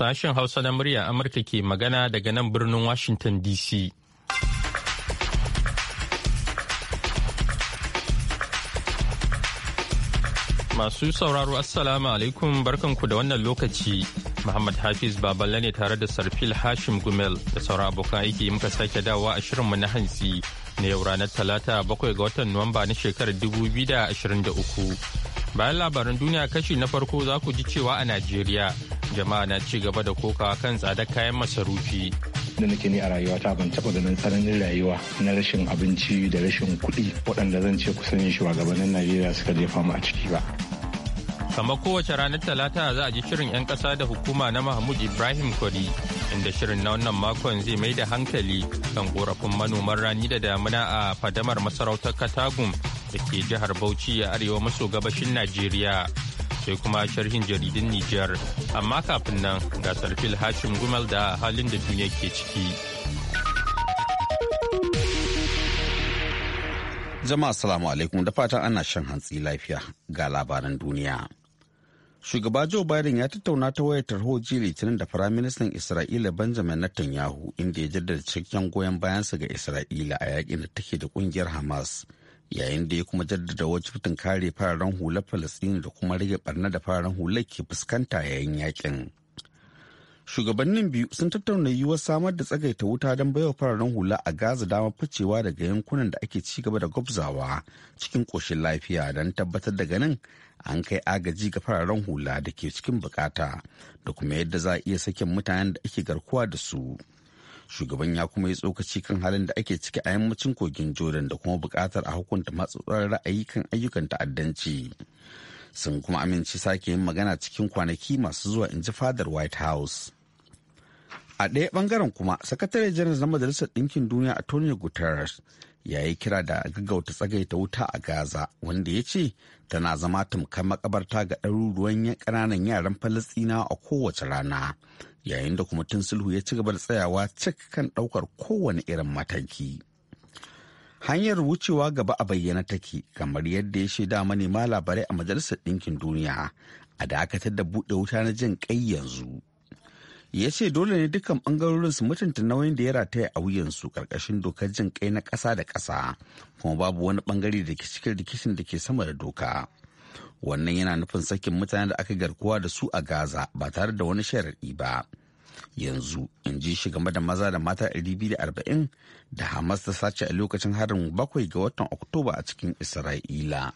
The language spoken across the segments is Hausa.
Sashen Hausa na murya Amurka ke magana daga nan birnin Washington DC. Masu sauraro Assalamu alaikum barkanku da wannan lokaci. Muhammad Hafiz Baballe ne tare da Sarfil Hashim Gumel da sauran abokan aiki muka sake dawowa a shirinmu na hantsi na yau ranar Talata bakwai ga watan Nuwamba na shekarar 2023. Bayan labaran duniya kashi na farko za ku ji cewa a Najeriya jama'a na ci gaba da koka kan tsada kayan masarufi da nake ni a rayuwa ta ban taba ganin tsananin rayuwa na rashin abinci da rashin kuɗi waɗanda zan ce kusan shugabannin najeriya suka jefa mu a ciki ba kamar kowace ranar talata za a ji shirin 'yan ƙasa da hukuma na mahmud ibrahim kwari inda shirin na wannan makon zai mai da hankali kan korafin manoman rani da damuna a fadamar masarautar katagum da ke jihar bauchi a arewa maso gabashin najeriya sai kuma sharhin jaridun Nijar. Amma kafin nan ga Sarfil Hashim Gumal da halin da duniya ke ciki. Jama'a salamu alaikum da fatan ana shan hantsi lafiya ga labaran duniya. Shugaba Joe Biden ya tattauna ta wayar tarho jiya Litinin da Firaministan Isra'ila Benjamin Netanyahu inda ya jaddada cikakken goyon bayansa ga Isra'ila a yakin da take da kungiyar Hamas. yayin da ya kuma jaddada wajibtin kare fararen hular Falasɗini da kuma rage barna da fararen hular ke fuskanta yayin yakin. Shugabannin biyu sun tattauna yiwuwar samar da tsagaita wuta don baiwa fararen hula a Gaza damar ficewa daga yankunan da ake ci gaba da gwabzawa cikin ƙoshin lafiya don tabbatar da ganin an kai agaji ga fararen hula da ke cikin bukata da kuma yadda za a iya sakin mutanen da ake garkuwa da su. shugaban ya kuma yi tsokaci kan halin da ake ciki a yammacin kogin jordan da kuma bukatar a hukunta matsatsuwar ra'ayi kan ayyukan ta'addanci sun kuma amince sake yin magana cikin kwanaki masu zuwa in ji fadar white house a ɗaya bangaren kuma sakatare janar na majalisar ɗinkin duniya antonio guterres ya yi kira da gaggauta tsagaita wuta a gaza wanda ya ce tana zama tamkar makabarta ga ɗaruruwan ƙananan yaran falastina a kowace rana yayin da kuma tun sulhu ya ci gaba da tsayawa cik kan ɗaukar kowane irin mataki. Hanyar wucewa gaba a bayyana take kamar yadda ya shaida manema labarai a Majalisar Ɗinkin Duniya a dakatar da buɗe wuta na jin ƙai yanzu. Ya ce dole ne dukkan ɓangarorin su mutunta nauyin da ya rataya a wuyansu ƙarƙashin dokar jin ƙai na ƙasa da ƙasa kuma babu wani ɓangare da ke cikin rikicin da ke sama da doka. wannan yana nufin sakin mutane da aka garkuwa da su a gaza ba tare da wani sharaɗi ba yanzu in ji shi game da maza da mata 240 da hamas ta sace a lokacin harin bakwai ga watan oktoba a cikin isra'ila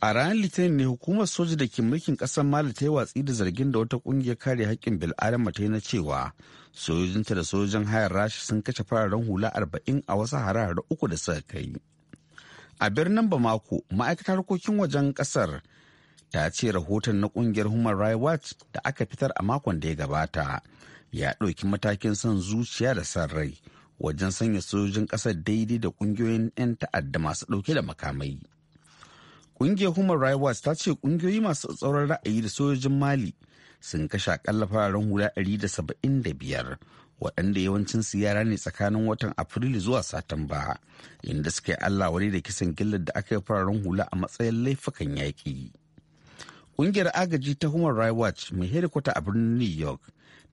a ranar litinin ne hukumar soja da ke mulkin kasar mali ta yi watsi da zargin da wata kungiyar kare haƙƙin bil'adama ta yi na cewa sojojinta da sojojin hayar rashi sun kashe fararen hula 40 a wasu harare uku da suka kai a birnin bamako ma'aikatar harkokin wajen kasar ta ce rahoton na kungiyar human rights watch da aka fitar a makon da ya gabata ya ɗauki matakin son zuciya da san rai wajen sanya sojojin ƙasar daidai da ƙungiyoyin 'yan ta'adda masu ɗauke da makamai ƙungiyar human rights watch ta ce ƙungiyoyi masu tsoron ra'ayi da sojojin mali sun kashe akalla fararen hula 175 waɗanda yawancinsu yara ne tsakanin watan afrilu zuwa satumba inda suka yi allah wani da kisan gillar da aka yi fararen hula a matsayin laifukan yaƙi ƙungiyar agaji ta human rights watch mai hedikwata a birnin new york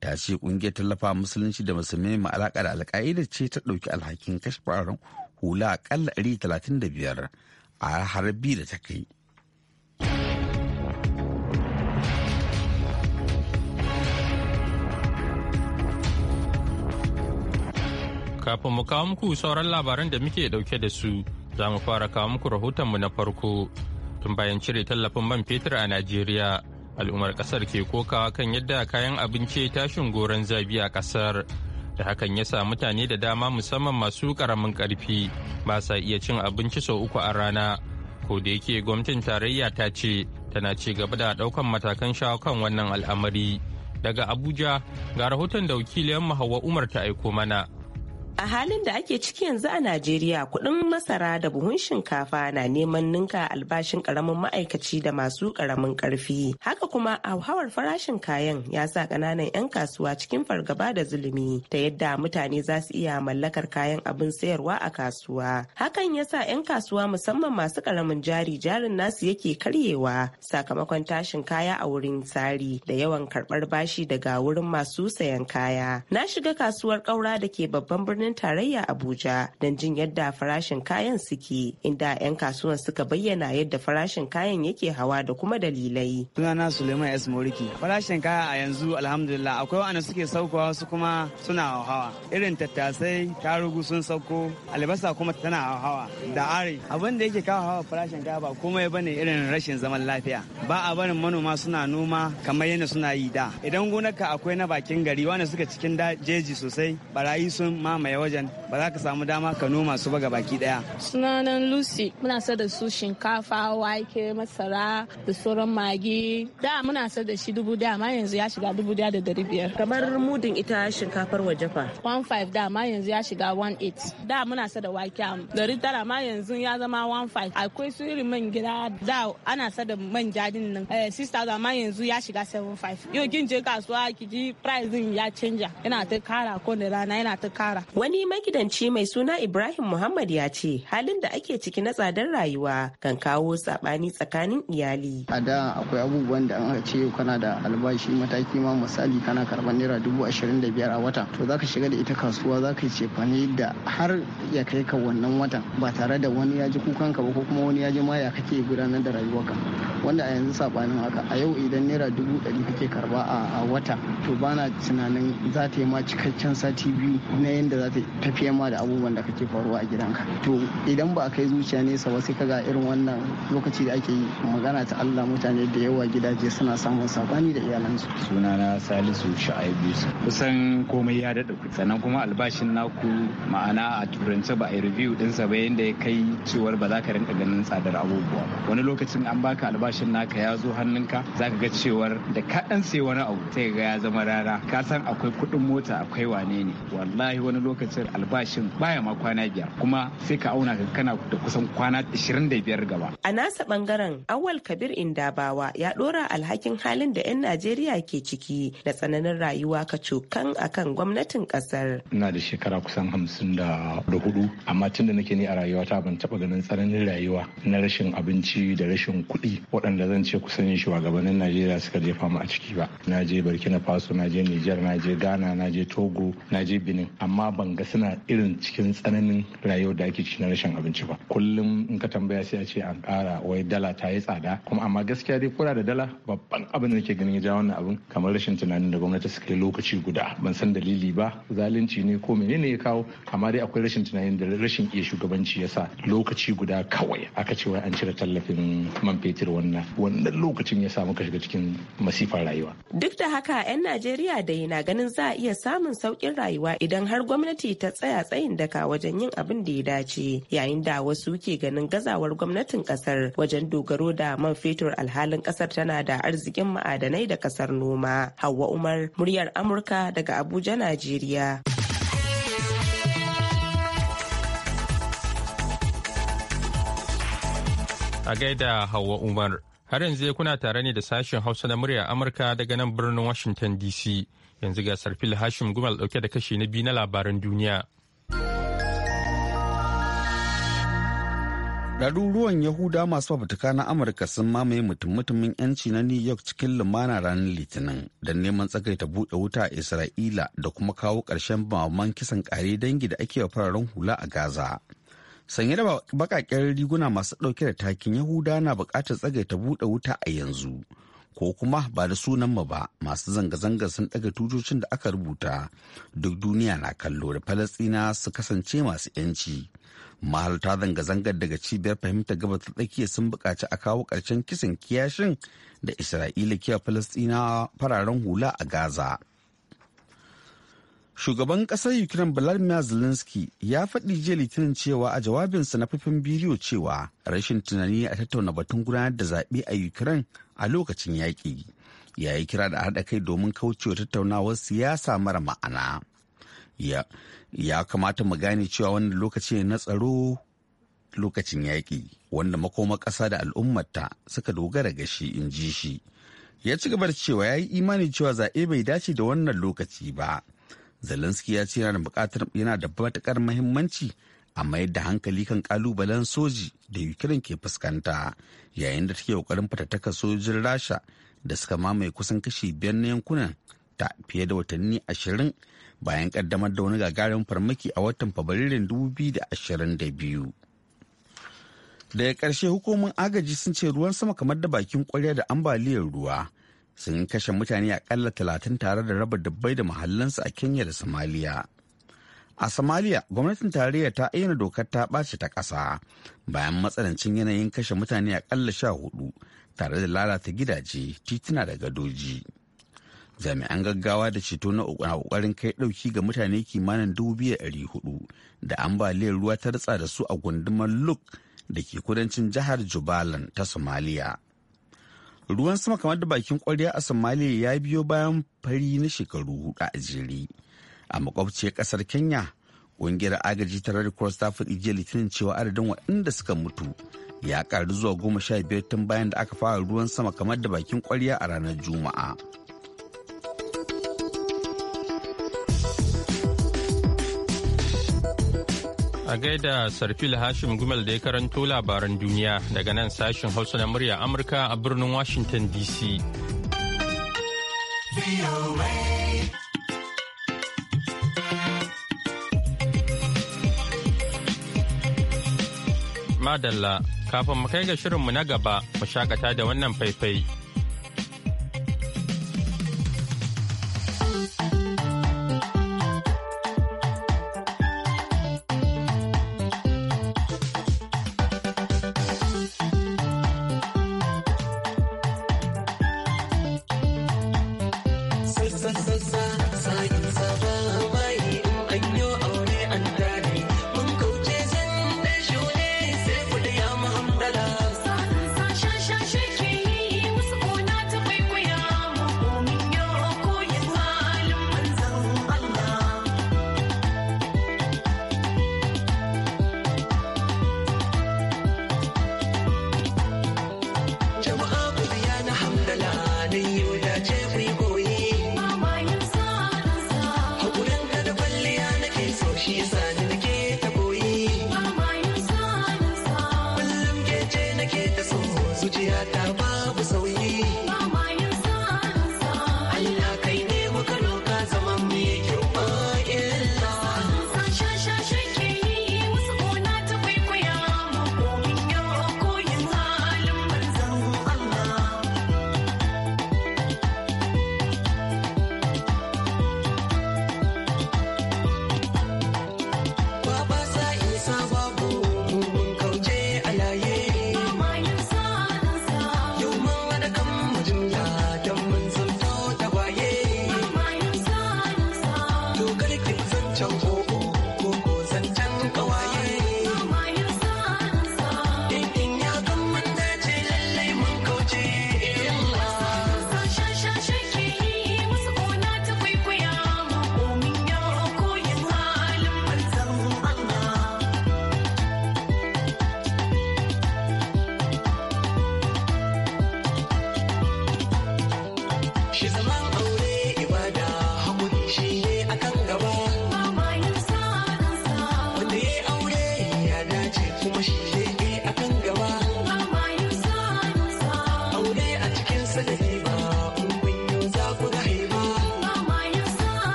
ta ce ƙungiyar tallafa musulunci da musulmi mai alaƙa da alƙa'ida ce ta ɗauki alhakin kashe fararen hula aƙalla biyar a harbi da ta kai. Kafin mu kawo muku sauran labaran da muke dauke da su, za mu fara kawo muku mu na farko. Tun bayan cire tallafin man fetur a Najeriya, al'ummar kasar ke kokawa kan yadda kayan abinci tashin goron zabi a kasar. Da hakan ya sa mutane da dama musamman masu karamin karfi ba sa iya cin abinci sau uku a rana. Ko da yake gwamnatin tarayya ta ce tana ci gaba da daukan matakan shawo kan wannan al'amari. Daga Abuja ga rahoton da wakiliyar Hauwa Umar ta aiko mana. A halin da ake ciki yanzu a Najeriya kuɗin masara da buhun shinkafa na neman ninka albashin ƙaramin ma'aikaci da masu ƙaramin ƙarfi. Haka kuma hauhawar farashin kayan ya sa ƙananan 'yan kasuwa cikin fargaba da zulumi ta yadda mutane za su iya mallakar kayan abin sayarwa a kasuwa. Hakan ya sa 'yan kasuwa musamman masu ƙaramin jari jarin nasu yake karyewa sakamakon tashin kaya a wurin tsari da yawan karɓar bashi daga wurin masu sayan kaya. Na shiga kasuwar ƙaura da ke babban birnin birnin tarayya Abuja don jin yadda farashin kayan suke inda 'yan kasuwan suka bayyana yadda farashin kayan yake hawa da kuma dalilai. Sunana Suleiman S. Moriki. Farashin kaya a yanzu alhamdulillah akwai wanda suke saukowa wasu kuma suna hawa. Irin tattasai, tarugu sun sauko, albasa kuma tana hawa da ari, Abin da yake kawo hawa farashin kaya ba komai bane irin rashin zaman lafiya. Ba a barin manoma suna noma kamar yadda suna yi da. Idan gonarka akwai na bakin gari wanda suka cikin jeji sosai barayi sun mamaye ya wajen ba za ka samu dama ka noma su ba baki daya sunanan lucy muna sa da su shinkafa wake masara da sauran magi da muna sa da shi dubu da ma yanzu ya shiga dubu da dari biyar kamar mudin ita shinkafar waje fa five da ma yanzu ya shiga one eight. da muna sa da wake dari tara ma yanzu ya zama one five akwai su irin man gida da ana sa da man jadin nan eh, thousand ma yanzu ya shiga five yau kin je kasuwa ki ji price din ya canja yana ta kara ko da rana yana ta kara Wani magidanci mai suna Ibrahim Muhammad ya ce halin da ake ciki na tsadar rayuwa kan kawo sabani tsakanin iyali. A da akwai abubuwan da an ce kana da albashi mataki ma misali kana karɓar naira dubu ashirin da biyar a wata to zaka shiga da ita kasuwa zaka yi cefane da har ya kai ka wannan watan ba tare da wani ya ji kukan ka ba ko kuma wani ya ji ma ya kake gudanar da rayuwarka wanda a yanzu sabanin haka a yau idan naira dubu ɗari kake karba a wata to bana tunanin za ta yi ma cikakken sati biyu na yadda za ta tafiya ma da abubuwan da kake faruwa a gidanka to idan ba a kai zuciya nesa ba sai ka ga irin wannan lokaci da ake yi magana ta Allah mutane da yawa gidaje suna samun sabani da iyalansu Suna na Salisu Shu'aibu kusan komai ya dada ku sannan kuma albashin naku ma'ana a turance ba a review sa ba yanda ya kai cewar ba za ka rinka ganin tsadar abubuwa ba wani lokacin an baka albashin naka ya zo hannunka za ka ga cewar da ka dan sai wani abu sai ga ya zama rara ka san akwai kuɗin mota akwai wane ne wallahi wani lokacin albashin baya ma kwana biyar kuma sai ka auna kana da kusan kwana 25 gaba. A nasa bangaren Awal Kabir Indabawa ya dora alhakin halin da 'yan Najeriya ke ciki da tsananin rayuwa ka kacokan akan gwamnatin kasar. Ina da shekara kusan hamsin da hudu amma tun da nake ni a rayuwa ta ban taba ganin tsananin rayuwa na rashin abinci da rashin kuɗi waɗanda zan ce kusan shugabannin Najeriya suka jefa mu a ciki ba. Na je Burkina Faso, na je Nijar, na je Ghana, na je Togo, na je Benin amma ban ban ga suna irin cikin tsananin rayuwar da ake ciki na rashin abinci ba kullum in ka tambaya sai a ce an ƙara wai dala ta yi tsada kuma amma gaskiya dai kura da dala babban abin da nake ganin ya ja wannan abin kamar rashin tunanin da gwamnati suka yi lokaci guda ban san dalili ba zalunci ne ko menene ya kawo amma dai akwai rashin tunanin da rashin iya shugabanci yasa lokaci guda kawai aka ce wai an cire tallafin man fetur wannan wannan lokacin ya sa muka shiga cikin masifar rayuwa duk da haka 'yan najeriya da na ganin za a iya samun saukin rayuwa idan har gwamnati gwamnati ta tsaya tsayin daka wajen yin abin da ya dace yayin da wasu ke ganin gazawar gwamnatin kasar wajen dogaro da man fetur alhalin kasar tana da arzikin ma'adanai da kasar noma hawa umar muryar amurka daga abuja najeriya a gaida hawa umar har yanzu kuna tare ne da sashen hausa na murya amurka daga nan birnin washington dc yanzu ga sarfil hashim gumal dauke da kashi na biyu na labaran duniya ɗaruruwan yahuda masu fafutuka na amurka sun mamaye mutum-mutumin yanci na new york cikin lumana ranar litinin don neman tsagaita buɗe wuta a isra'ila da kuma kawo ƙarshen bamaman kisan ƙare dangi da ake wa fararen hula a gaza sanye da bakaƙen riguna masu ɗauke da takin yahuda na buƙatar tsagaita buɗe wuta a yanzu ko kuma ba da sunan sunanmu ba masu zanga-zangar sun ɗaga tutocin da aka rubuta duk duniya na kallo da falastina su kasance masu 'yanci mahalta zanga-zangar daga cibiyar fahimtar gaba ta tsakiya sun buƙaci a kawo ƙarshen kisan kiyashin da isra'ila kiya falastina fararen hula a gaza Shugaban ƙasar Ukraine Vladimir Zelensky ya faɗi jiya litinin cewa a jawabinsa na faifin bidiyo cewa rashin tunani a tattauna batun gudanar da zaɓe a Ukraine a lokacin yaƙi. Ya yi kira da haɗa kai domin kaucewa tattaunawar siyasa mara ma'ana. Ya kamata mu gane cewa wannan lokaci ne na tsaro lokacin yaƙi wanda makoma ƙasa da al'ummarta suka dogara ga shi in ji shi ya ci gaba da cewa ya yi imani cewa zaɓe bai dace da wannan lokaci ba zelensky ya ce yana yana da matukar mahimmanci a mayar da hankali kan kalubalen soji da ukraine ke fuskanta yayin da take kokarin fatattaka sojin rasha da suka mamaye kusan kashi biyar na yankunan ta fiye da watanni ashirin bayan ƙaddamar da wani gagarin farmaki a watan da biyu. daga ƙarshe hukumomin agaji sun ce ruwan sama kamar da bakin kwarya da ambaliyar ruwa sun kashe mutane akalla talatin tare da raba dubbai da mahallansu a kenya da somalia a somalia gwamnatin tarayya ta aina dokar ta ɓace ta ƙasa bayan matsanancin yanayin kashe mutane akalla sha hudu tare da lalata gidaje tituna da gadoji jami'an gaggawa da ceto na ƙoƙarin kai ɗauki ga mutane kimanin dubu hudu da ambaliyar ruwa ta ritsa da su a gundumar luk da ke kudancin jihar jubalan ta somaliya ruwan sama kamar da bakin kwarya a somalia ya biyo bayan fari na shekaru hudu a jere a makwabciyar ƙasar kenya ƙungiyar agaji ta red cross ta faɗi jiya litinin cewa adadin waɗanda suka mutu ya ƙaru zuwa goma sha biyar tun bayan da aka fara ruwan sama kamar da bakin kwarya a ranar juma'a A gaida Sarfil Hashim Gumel da ya karanto labaran duniya daga nan sashen Hausa na murya Amurka a birnin Washington DC. Madalla, kafin mu kai ga shirinmu na gaba, mu shakata da wannan faifai.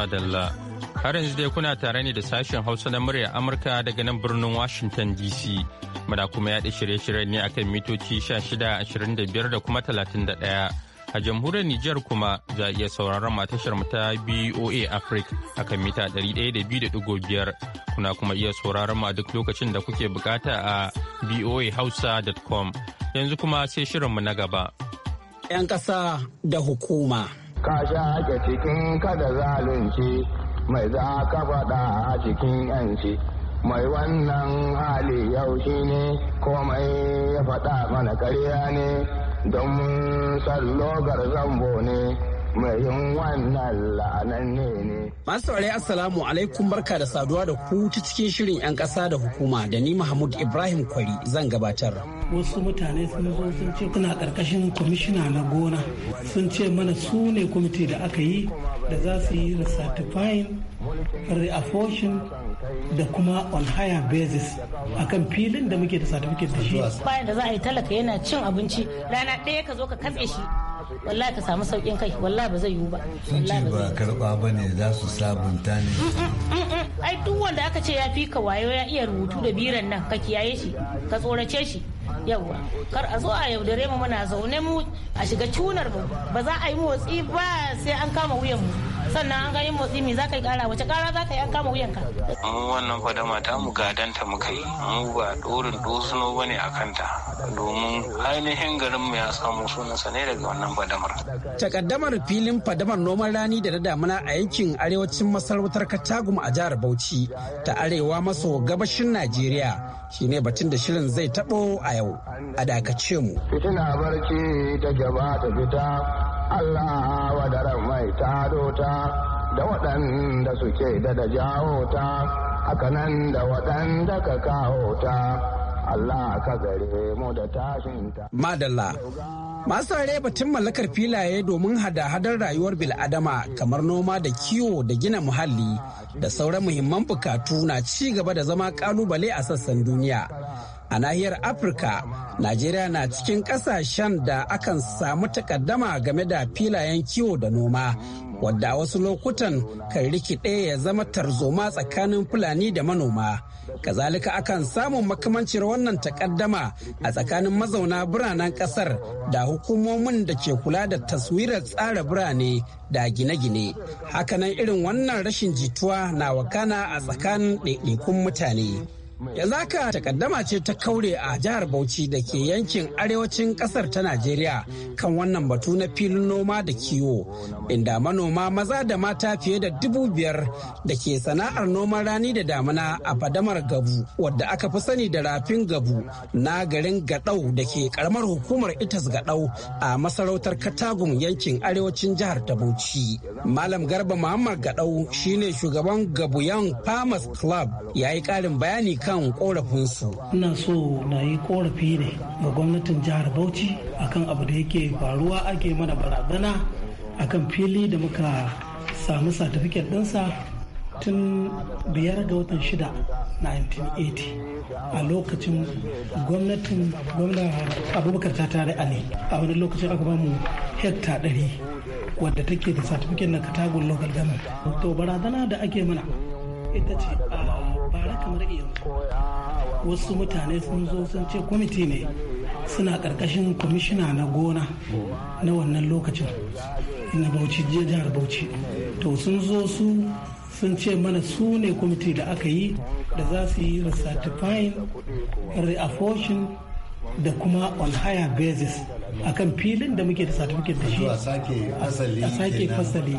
Madalla. Har yanzu dai kuna tare ne da sashen Hausa na murya Amurka daga nan birnin Washington DC. Muna kuma yaɗa shirye-shiryen ne akan mitoci 16, 25 da kuma 31. a jamhuriyar Nijar kuma za a iya sauraron matashar ta BOA Africa da mita 102.5 kuna kuma iya sauraron ma duk lokacin da kuke bukata a boahausa.com yanzu kuma sai shirinmu na gaba. 'Yan ƙasa da hukuma. ka shaƙe cikin kada zalunci mai za ka faɗa a cikin yanci mai wannan hali yau shi ne komai ya faɗa mana karya ne don sallogar zambo ne Masu Assalamu alaikum barka da saduwa da ku ta cikin shirin 'yan ƙasa da hukuma da ni Mahmud Ibrahim Kwari zan gabatar. Wasu mutane sun zo sun ce kuna karkashin kwamishina na gona sun ce mana su ne kwamiti da aka yi da za su yi certifying reaffirmation da kuma on higher basis akan filin da muke da certificate da shi. Bayan da za a yi talaka yana cin abinci rana ɗaya ka zo ka katse shi wallahi ka samu saukin kai wallahi ba zai yiwu ba sun ce ba karba ba ne za su sabunta ne mm, mm, mm, ai duk wanda aka ce ya fi ka wayo ya iya rubutu da biran nan ka kiyaye shi ka tsorace shi yawwa kar a zo a yaudare mu muna zaune mu a shiga cunar mu ba za a yi motsi ba sai an kama wuyan mu sannan an gani motsi me za ka yi kara wace kara za ka yi an kama wuyanka. mu wannan fadama ta mu gadanta muka yi mu ba dorin dosuno ba ne a kanta domin ainihin garin mu ya samu sunansa ne daga wannan fadamar. takaddamar filin fadamar noman rani da na damuna a yankin arewacin masarautar katagum a jihar bauchi ta arewa maso gabashin najeriya shine batun da shirin zai tabo a yau a dakace mu. fitina barci ta gaba ta fita Allah wadaran mai taro ta da waɗanda suke da da jawo ta nan da waɗanda ka kawo ta Allah ka gare mu da tashin ta. Madalla Masu rare batun mallakar filaye domin hada-hadar rayuwar bil'adama kamar noma da kiwo da gina muhalli da sauran muhimman bukatu na ci gaba da zama kalubale a sassan duniya. a nahiyar afirka najeriya na cikin kasashen da akan samu takaddama game da filayen kiwo da noma wadda wasu lokutan kan rikide ya zama tarzoma tsakanin fulani da manoma kazalika akan samun makamancin wannan takaddama a tsakanin mazauna biranen kasar da hukumomin da ke kula da taswirar tsara birane da gine-gine hakanan irin wannan rashin jituwa na wakana a tsakanin ɗaiɗaikun mutane yanzu haka takaddama ce ta kaure a jihar bauchi da ke yankin arewacin kasar ta najeriya kan wannan batu na filin noma da kiwo inda manoma maza da mata fiye da dubu biyar da ke sana'ar noman rani da damina a fadamar gabu wadda aka fi sani da rafin gabu na garin gadau da ke karamar hukumar itas gadau a masarautar katagun yankin arewacin jihar ta bauchi malam garba muhammad gadau shine shugaban gabuyan farmers club ya yi karin bayani kan kan korafinsu. Ina so na yi korafi ne ga gwamnatin jihar Bauchi akan abu da yake faruwa ake mana barazana akan fili da muka samu satifiket ɗinsa tun biyar ga watan shida 1980 a lokacin gwamnatin gwamna abubakar ta tare ali a wani lokacin aka mu hekta ɗari wadda take da satifiket na katagun local government to barazana da ake mana ita ce a kamar iya wasu mutane sun zo sun ce kwamiti ne suna ƙarƙashin kwamishina na gona na wannan lokacin na bauchi jihar bauchi to sun zo su sun ce mana su ne kwamiti da aka yi da za su yi resertifying reaffortion da kuma on higher basis akan filin da muke da certificate da shi a sake fasali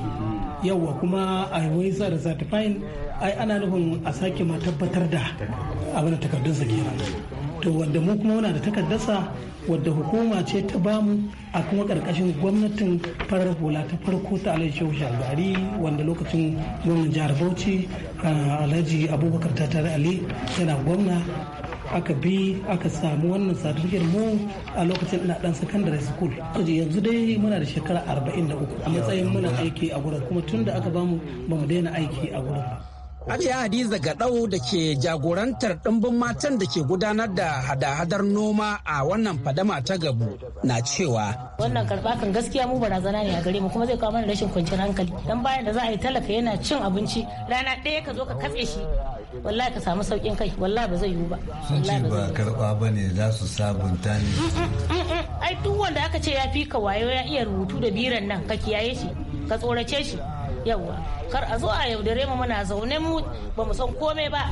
yawa kuma a wai sa da certifying ai ana nufin a sake ma tabbatar da abin da takardunsa kenan to wanda mu kuma muna da takardarsa wadda hukuma ce ta bamu a kuma karkashin gwamnatin farar hula ta farko ta alhaji shehu shagari wanda lokacin gwamnan jihar bauchi ah, alhaji abubakar tattare ali yana gwamna aka bi aka samu wannan certificate mu a lokacin ina dan secondary school yanzu dai muna da shekara 43 a matsayin muna aiki a gurin kuma tun da aka bamu bamu daina aiki a gurin Hajiya Hadiza Gaɗau da ke jagorantar ɗimbin matan da ke gudanar da hada-hadar noma a wannan fadama ta gabu na cewa. Wannan karɓa gaskiya mu barazana ne a gare mu kuma zai kawo mana rashin kwanciyar hankali. Dan bayan da za a yi talaka yana cin abinci rana ɗaya ka zo ka katse shi wallahi ka samu saukin kai wallahi ba zai yiwu ba sun ce ba karba ba ne za su sabunta ne mm, mm, mm, ai duk wanda aka ce ya fi ka wayo ya iya rubutu da biran nan ka kiyaye shi ka tsorace shi yawa kar a zo a yaudare mu muna zaune mu ba mu san komai ba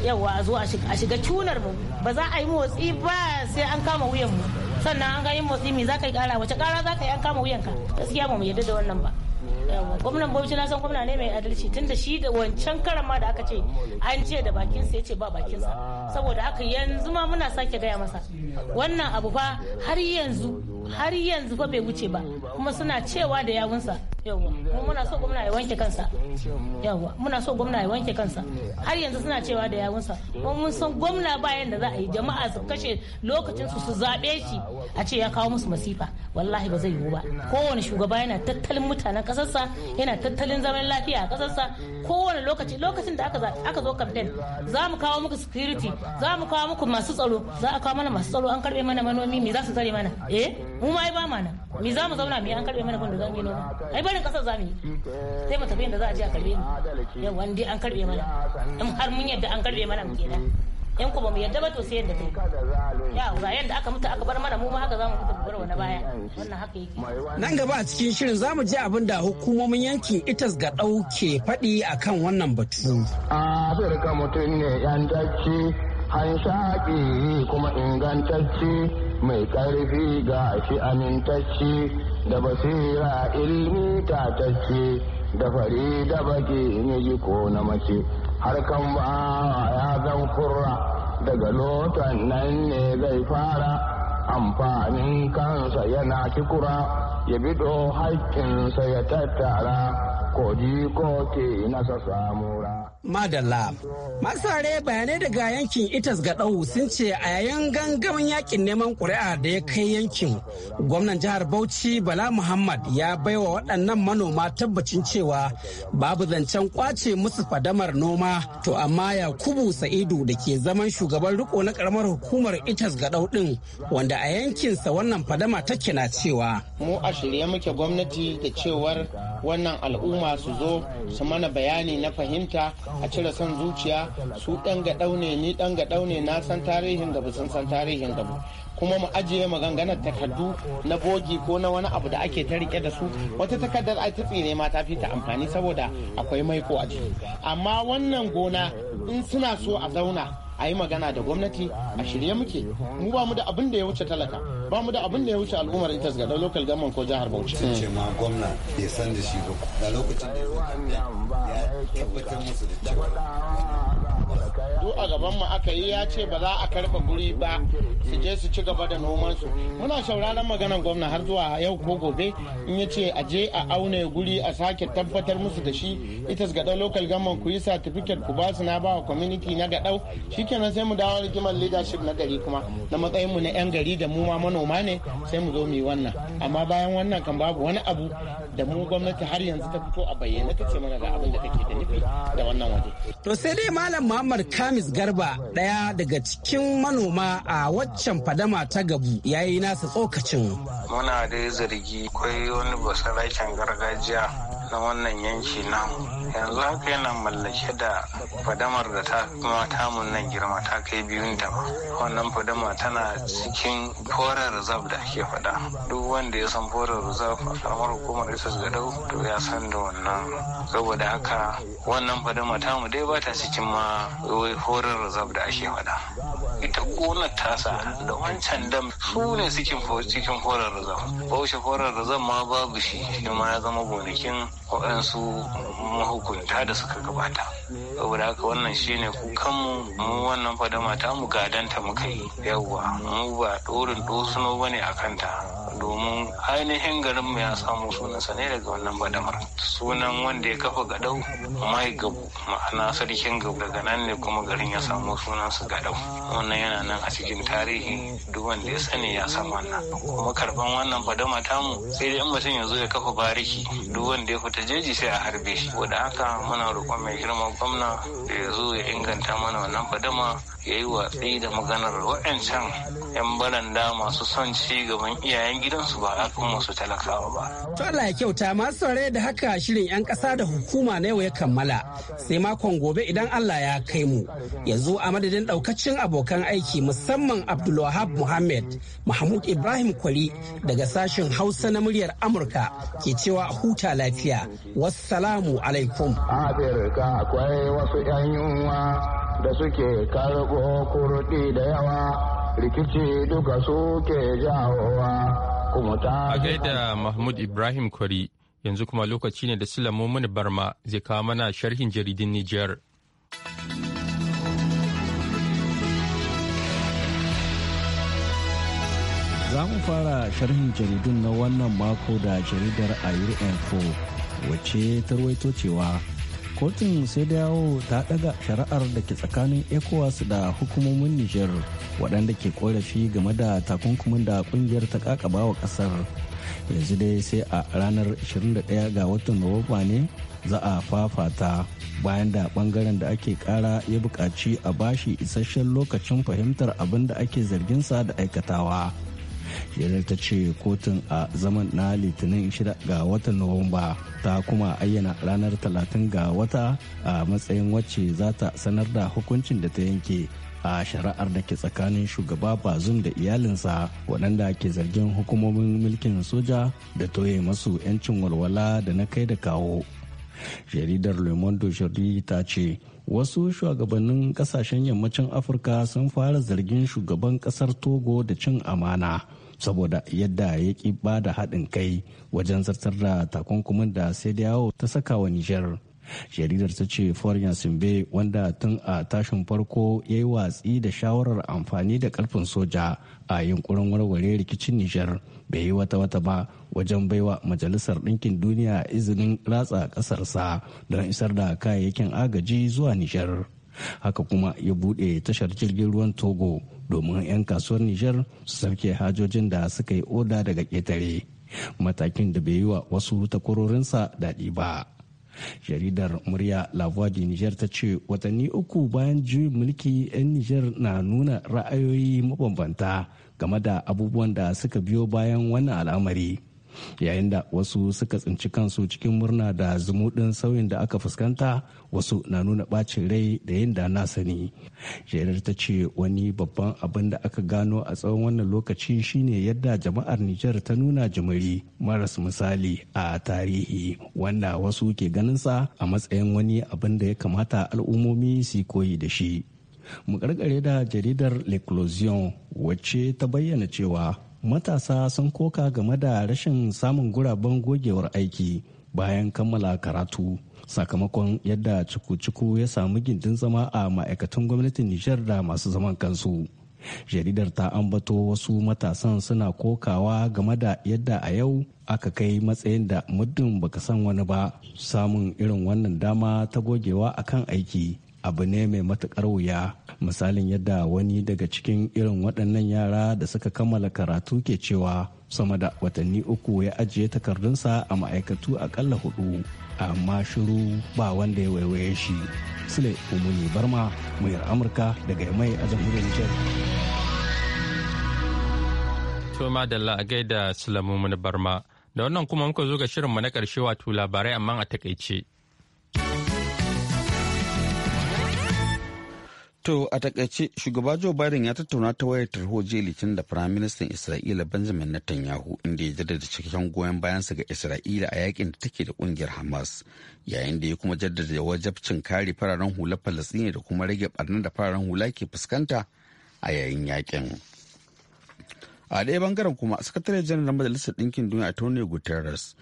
yawa a zo a shiga cunar mu ba za a yi motsi ba sai an kama wuyan mu sannan an ga yin motsi mai za ka yi kara wace kara za ka yi an kama wuyanka gaskiya ba mu yarda da wannan ba gwamnan bauchi na san gwamna ne mai adalci da shi da wancan karan ma da aka ce an ce da bakinsa ya ce ba bakinsa saboda haka yanzu ma muna sake gaya masa wannan abu fa har yanzu har yanzu fa bai wuce ba kuma suna cewa da yawunsa yawwa muna so gwamna ya wanke kansa har yanzu suna cewa da yawunsa kuma mun san gwamna bayan da za a yi jama'a su kashe lokacin su su shi a ce ya kawo musu masifa wallahi ba zai yiwu ba kowane shugaba yana tattalin mutanen kasarsa yana tattalin zaman lafiya a kasarsa kowane lokaci lokacin da aka zo kamfen za mu kawo muku security za mu kawo muku masu tsaro za a kawo mana masu tsaro an karbe mana manomi me za su tsare mana eh mu ma ai ba mana mi za mu zauna mi an karbe mana fanda zangi noma ai barin kasar za mu yi sai mu tafi yadda za a je a karbe ni yau in an karbe mana in har mun yadda an karbe mana mu kenan in ku ba mu yadda ba to sai yadda ta yi za yadda aka mutu aka bar mana mu ma haka za mu fita bar wani baya wannan haka yake nan gaba a cikin shirin za mu je abin da hukumomin yankin itas ga ɗauke faɗi akan wannan batu a rika mutum ne yan dace hanshaƙi kuma ingantacce mai ƙarfi ga shi amintacci da basira ilmi tatacce da fari da baki ji ko na mace har kan ba ya zan kurra daga lotan nan ne zai fara amfanin kansa yana kikura ya bido haƙƙinsa ya tattara ko ji ko ke nasa samu Madalla. Masare bayanai daga yankin Itas ga ɗau sun ce a yayin gangamin yakin neman ƙuri'a da ya kai yankin. Gwamnan jihar Bauchi Bala Muhammad ya baiwa waɗannan manoma tabbacin cewa babu zancen kwace musu fadamar noma to amma Yakubu Sa'idu da ke zaman shugaban riko na karamar hukumar Itas ga ɗau ɗin wanda a yankinsa wannan fadama take na cewa. Mu a shirye muke gwamnati da cewar wannan al'umma su zo su mana bayani na fahimta a cire son zuciya su ɗan ga ɗaune ni ɗan ga ɗaune na san tarihin da sun san tarihin da kuma mu ajiye maganganar takardu na bogi ko na wani abu da ake ta rike da su wata takardar ai ta tsire ma ta fi ta amfani saboda akwai maiko a jiki amma wannan gona in suna so a zauna a yi magana da gwamnati a shirye muke mu ba mu da abin da ya wuce talaka ba mu da abin da ya wuce al'ummar ita ga da local government ko jihar Bauchi sun ce ma gwamna Ya san da shi ba da lokacin da ya tabbatar musu da cewa du a gaban mu aka yi ya ce ba za a karba guri ba su je su ci gaba da noman su muna shauraron maganar gwamna har zuwa yau ko gobe in ya ce a je a auna guri a sake tabbatar musu da shi ita gaɗa local government ku yi certificate ku ba su na ba wa community na gaɗau shikenan sai mu dawo rigimar leadership na gari kuma na matsayin mu na yan gari da mu ma manoma ne sai mu zo mu yi wannan amma bayan wannan kan babu wani abu da mu gwamnati har yanzu ta fito a bayyane ta ce mana ga abin da kake da nufi da wannan waje. To sai dai Malam Muhammad Kamis Garba ɗaya daga cikin manoma a waccan fadama ta gabu ya yi nasa tsokacin. Muna da zargi akwai wani basarakin gargajiya na wannan yanki na yanzu haka yana mallake da fadamar da ta kuma tamun nan girma ta kai biyun da ba wannan fadama tana cikin foreign reserve da ake fada duk wanda ya san foreign reserve a samar hukumar isis gadau to ya san da wannan saboda haka wannan fadama tamu dai ba ta cikin ma foreign reserve da ake fada ita kona tasa da wancan dam su ne cikin foreign reserve baushe foreign reserve ma babu shi shi ma ya zama gonakin waɗansu mahukunta da suka gabata saboda haka wannan shine kukanmu mu wannan fadama ta mu gadanta muka yi yawwa mu ba ɗorin ɗosuno ba ne a kanta domin ainihin garin mu ya samu sunansa ne daga wannan badamar sunan wanda ya kafa gadau mai gabu ma'ana sarkin gabu daga nan ne kuma garin ya samu sunansa gadau wannan yana nan a cikin tarihi duk wanda ya sani ya san wannan kuma karban wannan badama mu. sai dai in mutum ya zo ya kafa bariki duk wanda ya fita jeji sai a harbe shi wanda haka muna roƙon mai girma gwamna da ya zo ya inganta mana wannan badama. ya yi watsi da maganar waɗancan 'yan baranda masu son ci gaban iyayen gidansu ba a kan talakawa ba. To Allah ya kyauta masu saurare da haka shirin 'yan ƙasa da hukuma na yau ya kammala sai makon gobe idan Allah ya kai mu. Yanzu a madadin daukacin abokan aiki musamman Abdulwahab Muhammad Mahmud Ibrahim Kwari daga sashen Hausa na muryar Amurka ke cewa huta lafiya. Wassalamu alaikum. akwai wasu 'yan yunwa da suke karɓo kurɗi da yawa rikici duka suke jawowa kuma ta a gaida mahmud ibrahim kwari yanzu kuma lokaci ne da silamomin barma zai kawo mana sharhin jaridin nijar za mu fara sharhin jaridun na wannan mako da jaridar ayur info wacce ta cewa kotun sai da yawo ta daga shari'ar da ke tsakanin ecowas da hukumomin niger waɗanda ke korafi game da takunkumin da kungiyar ta kakaba wa ƙasar yanzu dai sai a ranar 21 ga watan nuwamba ne za a fafata bayan da bangaren da ake kara ya buƙaci a bashi isasshen lokacin fahimtar abin da ake zarginsa da aikatawa. yadda ta ce kotun a zaman na litinin 6 ga watan nuwamba ta kuma ayyana ranar talatin ga wata a matsayin wacce za ta sanar da hukuncin da ta yanke a shari'ar da ke tsakanin shugaba bazum da iyalinsa waɗanda ke zargin hukumomin mulkin soja da toye masu 'yancin walwala da na kai da kawo jaridar le monde ta ce wasu shugabannin kasashen yammacin afirka sun fara zargin shugaban kasar togo da cin amana saboda yadda ya ki bada haɗin kai wajen zartar da takunkumin da sai da yawo ta saka wa Nijar. Jaridar ta ce Foreign Simbe wanda tun a tashin farko ya yi watsi da shawarar amfani da ƙarfin soja a yunkurin warware rikicin Nijar bai yi wata wata ba wajen baiwa Majalisar Ɗinkin Duniya izinin ratsa ƙasarsa don isar da kayayyakin agaji zuwa Nijar. haka kuma ya buɗe tashar jirgin ruwan togo domin 'yan kasuwar nijar su sauke hajojin da suka yi oda daga ƙetare matakin da bai yi wa wasu takwarorinsa daɗi ba jaridar murya lavoie de niger ta ce watanni uku bayan juyin mulki 'yan niger na nuna ra'ayoyi mabambanta game da abubuwan da suka biyo bayan wannan al'amari yayin da wasu suka tsinci kansu cikin murna da zumuɗin sauyin da aka fuskanta wasu na nuna ɓacin rai da yin da na sani shaidar ta ce wani babban abin da aka gano a tsawon wannan lokaci shine yadda jama'ar nijar ta nuna jimiri maras misali a tarihi wanda wasu ke ganinsa a matsayin wani abin da ya kamata al'ummomi su koyi da shi mu karkare da jaridar l'eclosion wacce ta bayyana cewa matasa sun koka game da rashin samun guraben gogewar aiki bayan kammala karatu sakamakon yadda cuku-cuku ya samu gindin zama a ma'aikatan gwamnatin nijar da masu zaman kansu jaridar ta ambato wasu matasan suna kokawa game da yadda a yau aka kai matsayin da muddin baka san wani ba samun irin wannan dama ta gogewa akan aiki abu ne mai matuƙar wuya misalin yadda wani daga cikin irin waɗannan yara da suka kammala karatu ke cewa sama da watanni uku ya ajiye takardunsa a ma'aikatu aƙalla hudu amma shiru ba wanda ya waiwaye shi sule umuni barma muryar amurka daga mai a jamhuriyar nijar toma da a gaida sulamu barma da wannan kuma muka zo ga shirinmu na karshe wato labarai amma a takaice To a takaice shugaba Joe Biden ya tattauna ta wayar tarho jiya litinin da Firaministan Isra'ila Benjamin Netanyahu inda ya jaddada cikakken goyon bayan bayansa ga Isra'ila a yakin da take da kungiyar Hamas yayin da ya kuma jaddada wajabcin kare fararen hula Falasɗini da kuma rage barnar da fararen hula ke fuskanta a yayin yakin. A ɗaya bangaren kuma sakataren janar Majalisar Ɗinkin Duniya Tony Guterres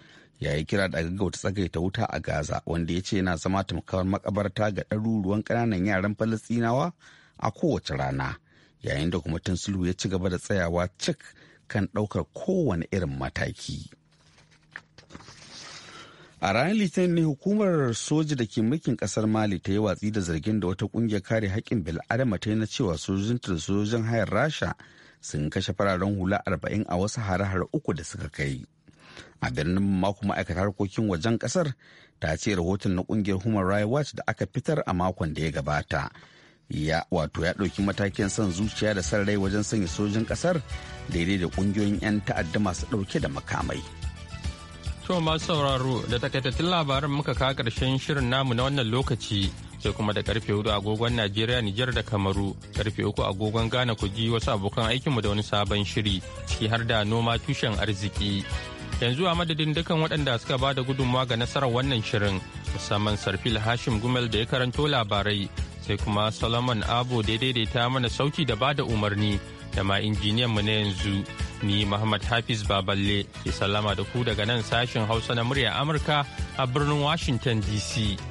ya yi kira da gaggauta tsagaita wuta a gaza wanda ya ce yana zama tamkar makabarta ga ɗaruruwan ƙananan yaran falastinawa a kowace rana yayin da kuma tun sulhu ya ci gaba da tsayawa cik kan ɗaukar kowane irin mataki. A ranar Litinin ne hukumar soji da ke mulkin kasar Mali ta yi watsi da zargin da wata kungiyar kare haƙƙin bil'adama ta yi na cewa sojojinta da sojojin hayar Rasha sun kashe fararen hula 40 a wasu hare-hare uku da suka kai. a birnin mako ma'aikatar harkokin wajen kasar ta ce rahoton na kungiyar human rights watch da aka fitar a makon da ya gabata ya wato ya ɗauki matakin son zuciya da son rai wajen sanya sojin kasar daidai da kungiyoyin 'yan ta'adda masu ɗauke da makamai to masu sauraro da takaitattun labaran muka ka karshen shirin namu na wannan lokaci sai kuma da karfe hudu agogon Najeriya, Nijar da Kamaru, karfe uku agogon Ghana ku ji wasu abokan aikinmu da wani sabon shiri, ciki har da noma tushen arziki. yanzu a madadin dukkan waɗanda suka ba da gudunmawa ga nasarar wannan shirin musamman sarfil hashim gumel da ya karanto labarai sai kuma solomon abu da daidaita mana sauki da ba da umarni da ma injiniyanmu na yanzu ni muhammad hafiz baballe ke salama da ku daga nan sashen hausa na murya amurka a birnin washington dc